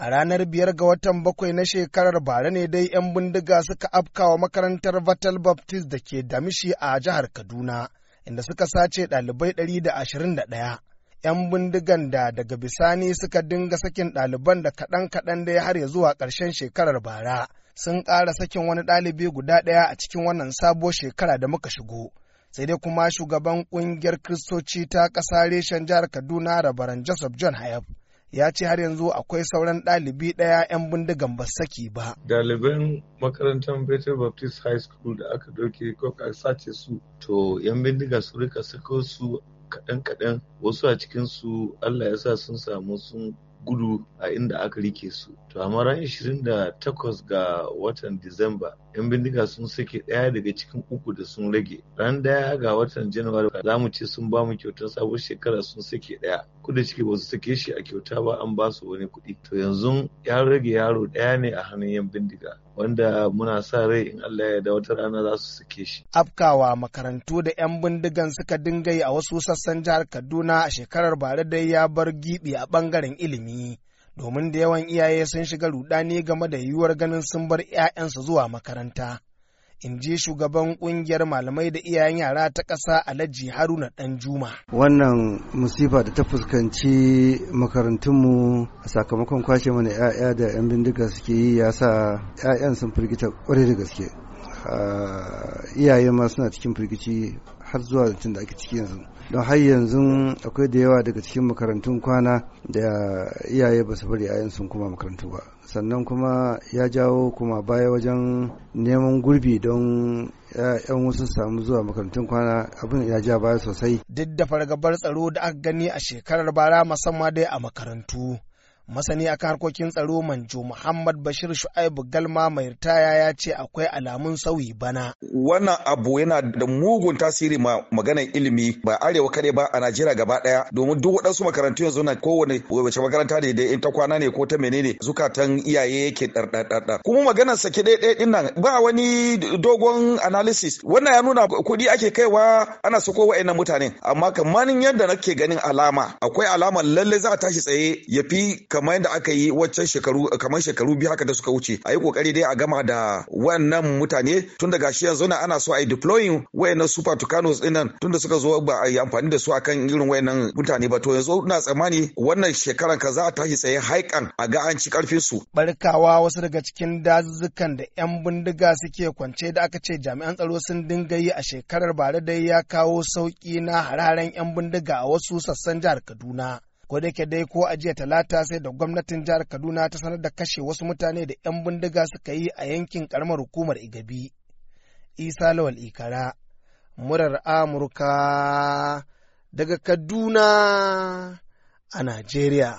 A ranar biyar ga watan bakwai na shekarar bara ne dai 'yan bindiga suka afkawa makarantar Vatal Baptist da ke Damishi a jihar Kaduna, inda suka sace ɗalibai 121. 'Yan bindigan da daga bisani suka dinga sakin ɗaliban da kaɗan-kaɗan dai har ya zuwa ƙarshen shekarar bara. Sun ƙara sakin wani ɗalibi guda ɗaya a cikin wannan sabuwar shekara da muka shigo. sai dai kuma shugaban ƙungiyar kristoci ta ƙasa reshen jihar kaduna rabaran joseph john hayab ya ce har yanzu akwai sauran ɗalibi ɗaya 'yan bindigan ba saki ba. Ɗaliban makarantar Bethel Baptist High School da aka ɗauke ko sace su to 'yan bindiga su rika sako su kaɗan kaɗan wasu a cikin su Allah ya sa sun samu sun gudu a inda aka rike su to amma ran 28 ga watan Disamba yan bindiga sun sake ɗaya daga cikin uku da sun rage ran ɗaya ga watan Janairu za mu ce sun ba mu kyautar sabuwar shekara sun sake ɗaya kuda ciki ba su sake shi a kyauta ba an ba su wani kuɗi to yanzu ya rage yaro ɗaya ne a hannun yan bindiga wanda muna sa rai in Allah ya da wata rana za su sake shi. Afkawa makarantu da 'yan bindigan suka dinga yi a wasu sassan jihar Kaduna a shekarar bare dai ya bar gibi a bangaren ilimi. Domin da yawan iyaye sun shiga rudani game da yiwuwar ganin sun bar 'ya'yansu zuwa makaranta. in ji shugaban kungiyar malamai da iyayen yara ta ƙasa alhaji haruna dan juma wannan musifa da ta fuskanci makarantunmu a sakamakon kwashe mana 'ya'ya da 'yan bindiga suke yi ya sa 'ya'yan sun firgita kwarai da gaske ah, iyaye ma suna cikin firgici har zuwa zancen da ake ciki yanzu don har yanzu akwai da yawa daga cikin makarantun kwana da iyaye ba su bari yayan sun kuma makarantu ba sannan kuma ya jawo kuma baya wajen neman gurbi don yan wasu samu zuwa makarantun kwana abin ya ja baya sosai duk da fargabar tsaro da aka gani a shekarar bara musamman dai a makarantu masani a harkokin tsaro manjo muhammad bashir shu'aibu galma mai ritaya ya ce akwai alamun sauyi bana wannan abu yana da mugun tasiri ma maganar ilimi ba arewa kare ba a najeriya gaba daya domin duk waɗansu makarantu yanzu na kowane wace makaranta ne da in ta kwana ne ko ta menene zukatan iyaye yake ɗarɗarɗarɗar kuma maganar sake ɗaya ɗin nan ba wani dogon analysis wannan ya nuna kuɗi ake kaiwa ana sako wa'annan mutane amma kamar yadda nake ganin alama akwai alama lalle za a tashi tsaye ya fi kamar yadda aka yi waccan shekaru kamar shekaru biyu haka da suka wuce a yi kokari dai a gama da wannan mutane tun daga shi yanzu na ana so a yi deploying wayannan super tucanos dinnan tunda suka zo ba a yi amfani da su akan irin wayannan mutane ba to yanzu ina tsammani wannan shekaran ka za a tashi tsaye haikan a ga an ci karfin su barkawa wasu daga cikin dazuzzukan da yan bindiga suke kwance da aka ce jami'an tsaro sun dinga yi a shekarar bare dai ya kawo sauki na hararen yan bindiga a wasu sassan jihar Kaduna ko da yake dai ko a jiya talata sai da gwamnatin jihar kaduna ta sanar da kashe wasu mutane da 'yan bindiga suka yi a yankin karamar hukumar igabi isa lawal ikara murar amurka daga kaduna a najeriya